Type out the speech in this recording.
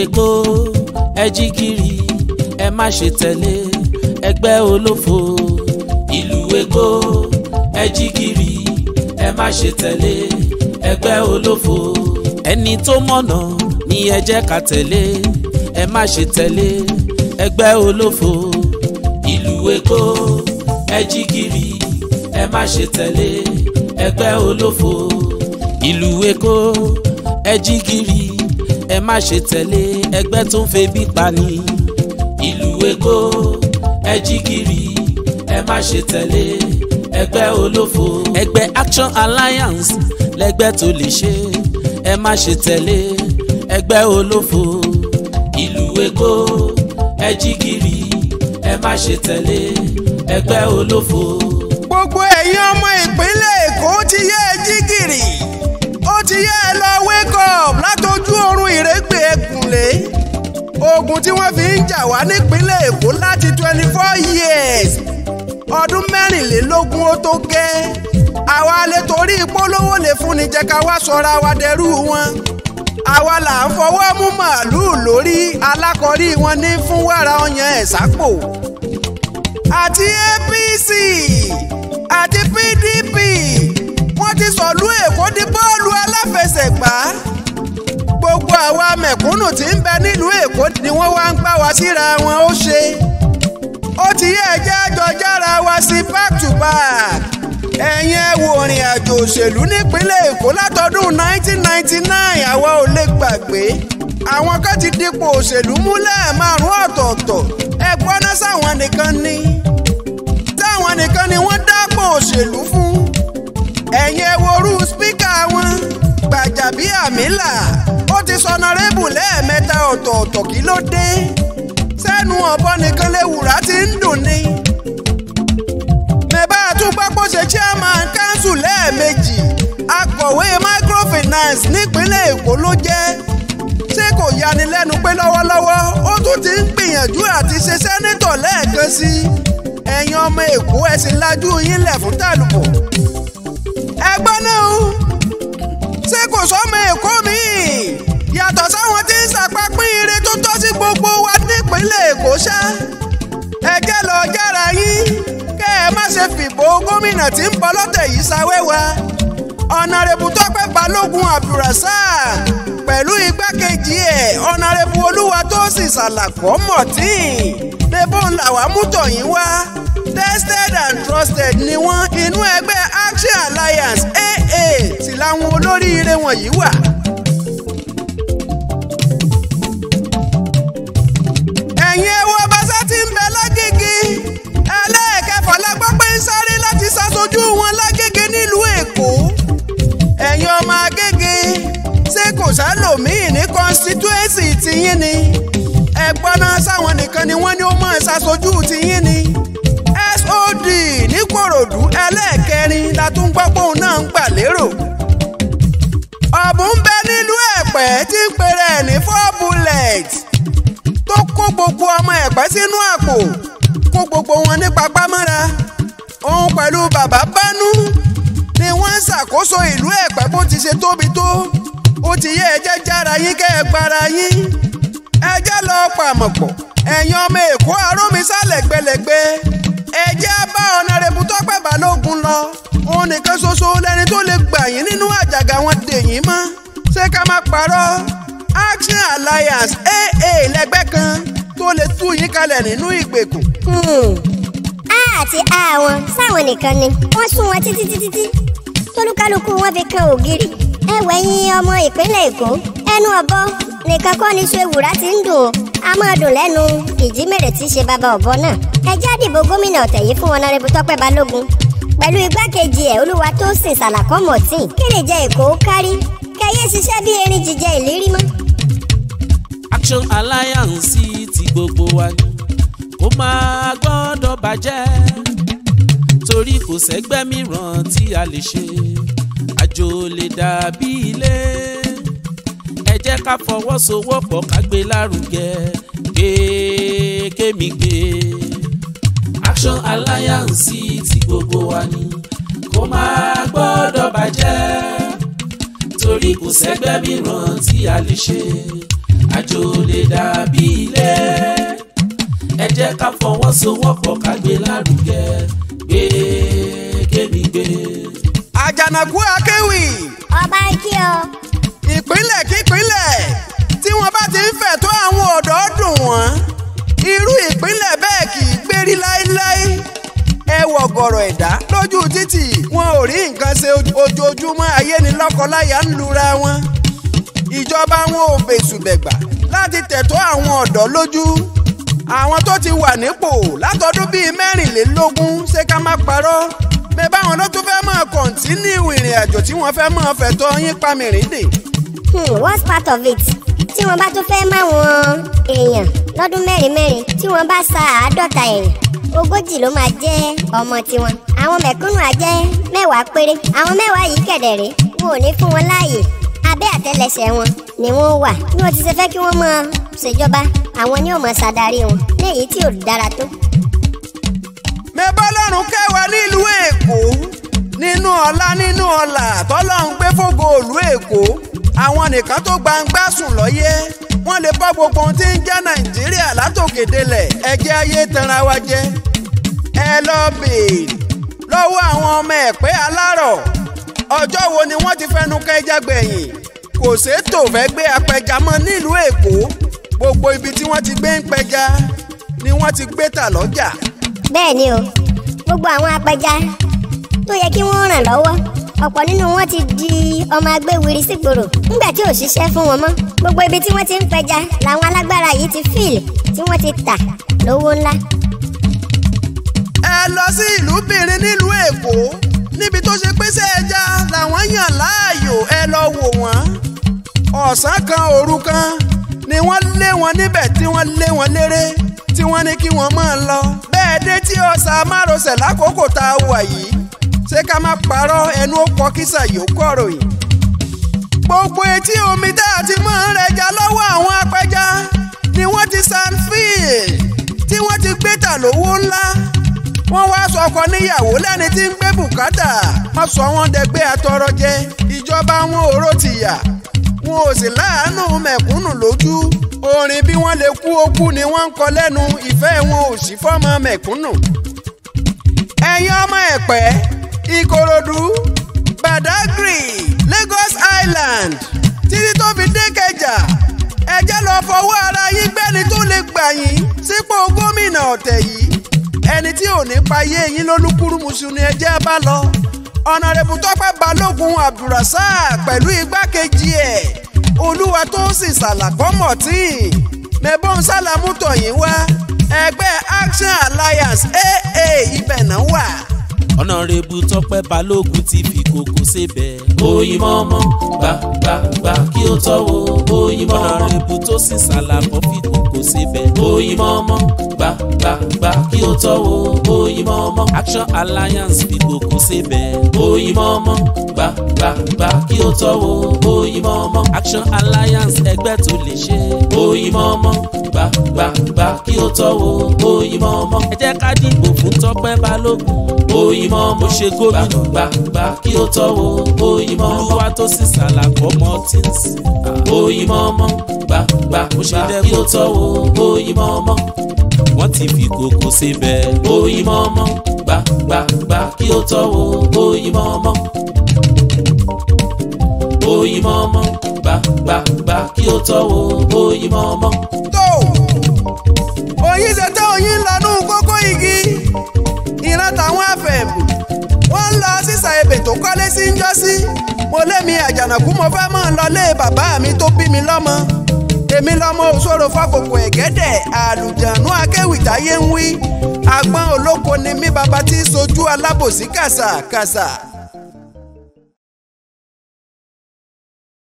èkó ẹ jí gìrì ẹ má ṣe tẹ̀lé ẹgbẹ́ olófo. ìlú èkó ẹ jí gìrì ẹ má ṣe tẹ̀lé ẹgbẹ́ olófo. ẹni tó mọ̀nà ni ẹ jẹ́ ká tẹ̀lé ẹ má ṣe tẹ̀lé ẹgbẹ́ olófo ìlú èkó ẹ jí gìrì ẹ má ṣe tẹ̀lé ẹgbẹ́ olófo ìlú èkó ẹ jí gìrì ẹ má ṣe tẹ̀lé ẹgbẹ́ tó ń febi pani ìlú èkó ẹ jí gìrì ẹ má ṣe tẹ̀lé ẹgbẹ́ olófo. ẹgbẹ́ Action Alliance lẹgbẹ́ tó lè ṣe ẹ má ṣe tẹ̀lé ẹgbẹ́ olófo ìlú èkó ẹ jí gìrì ẹ má ṣe tẹ̀lé ẹgbẹ́ olófo. gbogbo ẹ̀yin ọmọ ìpínlẹ̀ èkó ti yẹ ẹ jí gìrì ó ti yẹ ẹ lọ wake up látojú oorun ìrégbè ẹkùnlé ogun tí wọ́n fi ń jà wá nípínlẹ̀ èkó láti twenty four years ọdún mẹ́rìnlélógún ó tó gẹ́ àwa lè torí polówó lè fúnni jẹ́ ká wá sọra wa dẹrú wọn àwa là ń fọwọ́ mú màálùú lórí alákọ̀rí wọn ní fún wàrà ọyàn ẹ̀ sápò àti APC àti PDP wọ́n ti sọ̀lú Èkó di bọ́ọ̀lù aláfẹsẹ̀gbá gbogbo àwa mẹ̀kúnnù tí ń bẹ nílùú Èkó ni wọ́n wá ń gbá wa síra wọn ó ṣe ó ti yẹ ẹjẹ́ àjọjára wa sí back to back ẹ̀yin ẹ wo ìrìn àjò òṣèlú nípínlẹ̀ èkó látọdún 1999 àwa ò lè gbàgbé àwọn kan ti dípò òṣèlú múlẹ̀ márùn-ún ọ̀tọ̀ọ̀tọ̀ ẹ gbọ́ná sáwọn nìkan ni táwọn nìkan ni wọ́n dápò òṣèlú fún ẹ̀yin ẹ worú spíkà wọn Gbajabiamila ó ti sọnarébù lẹ́ẹ̀mẹ́ta ọ̀tọ̀ọ̀tọ̀ kí ló dé sẹ́nu ọ̀bọ nìkan lè wùrà ti ń dùn ni. akọ̀wé microfinance nípínlẹ̀ èkó ló jẹ́ ṣé kò yani lẹ́nu pé lọ́wọ́lọ́wọ́ ó tún ti ń gbìyànjú àti ṣe sẹ́nítọ̀ lẹ́ẹ̀kan sí i ẹ̀yin ọmọ èkó ẹ sì lajú yín lẹ̀ fún tàlùbọ̀ ẹgbẹ́ náà ṣé kò sọ́mọ èkó míì yàtọ̀ sáwọn tí ń ṣàpapín ire tó tọ́ sí gbogbo wa nípínlẹ̀ èkó ṣá ẹjẹ́ lọ jára yín kẹ́ ẹ má ṣe fìbò gómìnà tí ń bọ́ lọ́tẹ̀ yìí ṣàwẹ́wàá ọ̀nàrẹ́bù tọ́pẹ́ balógun abdulrasaq pẹ̀lú igbákejì ẹ̀ ọ̀nàrẹ́bù olúwatósìn sàlàkọ́ mọ̀tín débọ̀n làwa mútọ̀yìn wá tested and trusted ni wọ́n inú ẹgbẹ́ action alliance aa sì làwọn olóríire wọ̀nyí wà. kò sálòmíì ní constituency tiyín ni ẹ̀gbọ́n náà sáwọn nìkan ni wọ́n ní ó máa ṣàṣojú tiyín ni SOD nìkòròdú ẹlẹ́ẹ̀kẹrin la tún gbọ́ pé òun náà ń gbà lérò ọ̀bùn ń bẹ nílùú ẹ̀pẹ́ tí ń pèrè ní four bullet tó kó gbogbo ọmọ ẹ̀pẹ́ sínú àpò kó gbogbo wọn ní papámọ́ra òun pẹ̀lú bàbá bánú ni wọ́n ń ṣàkóso ìlú ẹ̀pẹ́ bó ti ṣe tóbi tó ó ti yé ẹjẹ́ jára yín kẹ́ ẹ para yín ẹjẹ́ lọ pàmọ̀pọ̀ ẹ̀yin ọmọ èkó arómisá lẹ́gbẹ̀lẹ́gbẹ̀ ẹjẹ́ bá ọ̀nàrẹ́bù tọ́pẹ́ balógun lọ òun nìkan ṣoṣo lẹni tó lè gbà yín nínú àjàgà wọn dèyìn mọ́ ṣé ká má parọ́ Action Alliance AA lẹgbẹ́ kan tó lè tú yín kalẹ̀ nínú ìgbèkùn. Hmm. a àti a wọn sáwọn nìkan ni wọ́n sún wọn títí títí tí tólúkálùkù wọn fi kan ògiri ẹ wẹ̀yìn ọmọ ìpínlẹ̀ èkó ẹnu ọ̀bọ nìkan kọ́ ni ṣe wùrà ti ń dùn a máa dùn lẹ́nu ìjímèrè tí í ṣe bàbá ọ̀bọ náà ẹ jádìbò gómìnà ọ̀tẹ̀ yìí fún ọ̀nàrẹ́bù tọ́pẹ́ balógun pẹ̀lú igbákejì ẹ̀ olúwa tó sìn sàlàkọ́ mọ̀tì kéde jẹ èkó kárí kẹyẹ ṣiṣẹ́ bí erin jíjẹ ìlérí mọ́. Action Alliance ti gbogbo wa ni kó máa gbọ́dọ̀ bàjẹ́ torí kò sẹ́gbẹ́ mìíràn tí a lè ṣe àjò lè dàbí ilé ẹ jẹ́ ká fọwọ́sowọ́pọ̀ ká gbé lárugẹ kéékémi Action Alliance ti gbogbo wa ni kó má gbọ́dọ̀ bàjẹ́ torí kò sẹ́gbẹ́ mìíràn tí a lè ṣe àjò lè dàbí ilé ẹ jẹ́ ká fọwọ́sowọ́pọ̀ ká gbé lárugẹ gbé. Kànàkú Akéwì. ọba kí o. ìpínlẹ̀ kípínlẹ̀ tí wọ́n bá ti ń fẹ̀tọ́ àwọn ọ̀dọ́ dùn wọ́n irú ìpínlẹ̀ bẹ́ẹ̀ kì í gbérí láéláé ẹ wọ gọ̀rọ̀ ẹ̀dá lójú títì wọn ò rí nǹkan ṣe ojoojúmọ́ ayé ni lọ́kọláya ń lura wọn ìjọba wọn ò fèsù bẹ̀gbà láti tẹ̀tọ́ àwọn ọ̀dọ́ lójú àwọn tó ti wà nípò látọdún bíi mẹ́rìnlélógún ṣé ká má parọ́ bẹ́ẹ̀ báwọn ló tún fẹ́ máa kọ̀ǹtínú ìrìn àjò tí wọ́n fẹ́ máa fẹ́ tọ́ yín pamìrín dè. Hmm, what's part of it tí wọ́n bá tún fẹ́ máwọn èèyàn lọ́dún mẹ́rin mẹ́rin tí wọ́n bá sa àádọ́ta èèyàn ogójì ló máa jẹ́ ọmọ tiwọn. àwọn mẹ̀kúnnù á jẹ́ mẹ́wàá péré. àwọn mẹ́wàá yìí kẹ̀dẹ̀rẹ́ wọn ò ní fún wọn láàyè. abẹ́ àtẹ́lẹsẹ̀ wọn ni wọ́n wà. bí wọ́n ti ṣe fẹ́ kí wọ́n máa ṣèjọba àwọn ni ó máa ṣàdarí wọn. léyìí tí ò dára tó ọlọ́run kẹwàá nílùú èkó nínú ọlá nínú ọlà tọ́lọ́run gbé fògo èkó àwọn nìkan tó gbangba sùn lọ́yẹ́ wọ́n lè bá gbogbo ohun tí ń jẹ́ nàìjíríà látòkè délẹ̀ ẹ̀jẹ̀ ayé tanra wa jẹ́ ẹ lọ bèèrè lọ́wọ́ àwọn ọmọ ẹ̀pẹ́ alárọ̀ ọjọ́ wo ni wọ́n ti fẹnu kẹjá gbẹ̀yìn kò sétò fẹ́ gbé apẹja mọ́ nílùú èkó gbogbo ibi tí wọ́n ti gbé ń pẹja ni wọ́n ti gbé tà lọ́jà. bẹ́ẹ̀ o gbogbo àwọn apẹja tó yẹ kí wọ́n ràn lọ́wọ́ ọ̀pọ̀ nínú wọn ti di ọmọ agbéwiri sígboro nígbà tí ò ṣiṣẹ́ fún wọn mọ́ gbogbo ibi tí wọ́n ti ń pẹja làwọn alágbára yìí ti fíìlì tí wọ́n ti tà lówó ńlá. ẹ lọ sí ìlú bìnrin nílùú èkó níbi tó ṣe pèsè ẹja làwọn yàn láàyò ẹ lọ wò wọ́n ọ̀sán kan òru kan ni wọ́n lé wọn níbẹ̀ tí wọ́n lé wọn léré tí wọ́n ní kí wọ́n máa lọ. ẹdẹ tí ọ̀sà márosẹ̀ lákòókò tá a wà yìí ṣé ká má parọ́ ẹnu ó kọ kísà yóò kọ̀rọ̀ yìí. gbogbo etí omi tá a ti mọ̀ ń rẹja lọ́wọ́ àwọn apẹja ni wọ́n ti sanfiil tí wọ́n ti gbé ta lówó ńlá wọ́n wá sọ ọkọ níyàwó lẹ́ni tí ń gbé bùkátà wọ́n sọ wọ́n dẹgbẹ́ atọrọ jẹ ìjọba wọn ò rò tìyà wọn ò sì láàánú mẹ̀kúnnù lójú orin bí wọ́n lè kú okú ni wọ́n ń kọ lẹ́nu ìfẹ́ wọn ò sí fọ́mọ mẹ̀kúnnù. ẹ̀yin ọmọ ẹ̀pẹ́ ìkòròdú badagry lagos island títí tó fi dé kẹjà ẹ jẹ́ lọ fọwọ́ ara yín gbẹ́ni tó lè gbà yín sípò gómìnà ọ̀tẹ̀ yìí ẹni tí ò ní payé yín lólúkúrúmuṣu ni ẹ jẹ́ bá lọ ọ̀nàrẹ́bù tọ́pẹ́ balógun abdulrasaq pẹ̀lú igbákejì ẹ̀ wa tó sì ṣàlàkọ́mọ̀ tí mẹ́bọ́n sálámù tọ̀yìn wá ẹgbẹ́ Action Alliance aa ibẹ̀ náà wà. ọ̀nàrẹ́bù tọ́pẹ́ balógun ti fi kókó ṣebẹ̀. oyin mọ́mọ́ gbàgbàgbà kí ó tọ́wọ́ oyin mọ́mọ́. ọ̀nàrẹ́bù tó sì ṣàlàkọ́ fìdí síbẹ̀. oyinmọ́ ọmọ gbà gbà gbà kí o tọ́wọ́ oyinmọ́ ọmọ action alliance fi gòkè síbẹ̀. oyinmọ́ ọmọ gbà gbà gbà kí o tọ́wọ́ oyinmọ́ ọmọ action alliance ẹgbẹ́ tó lè ṣe. oyinmọ́ ọmọ gbà gbà gbà kí o tọ́wọ́ oyinmọ́ ọmọ ẹ jẹ́ ká dìbò fún Tọ́pẹ́ Balógun oyinmọ́ ọmọ ṣe gómìnà gbàgbà kí o tọ́wọ́ oyinmọ́ ọmọ olúwa tó sì sàlàkọ́ mọ́tíǹsì oyinmọ́ ọmọ gbàgbà ó ṣe dẹ́ kí ó tọ́wọ́ oyinmọ́ ọmọ wọ́n ti fi kókó síbẹ̀ oyinmọ́ ọmọ gbàgbà kí ó tọ́wọ́ oyinmọ́ ọmọ oyinmọ́ ọmọ gbàgbà kí ó tọ́wọ́ oyinmọ́ ọmọ. oyin ṣe tẹ́ oyin lanu kókó igi ìran táwọn afẹ́ẹ̀mù wọ́n ń lọ sísà ebè tó kọ́lé sí ń jọ́sí mo lémi àjànàkú mo fẹ́ mọ̀ ń lọ lé bàbá mi tó bí mi lọ́mọ èmi lọmọ òṣòro fàkókò ẹ̀gẹ́dẹ̀ àlùjànú akéwì táyé ń wí agbọ́n olóko ni mí baba tí sojú alábòsí kàṣàkàṣà.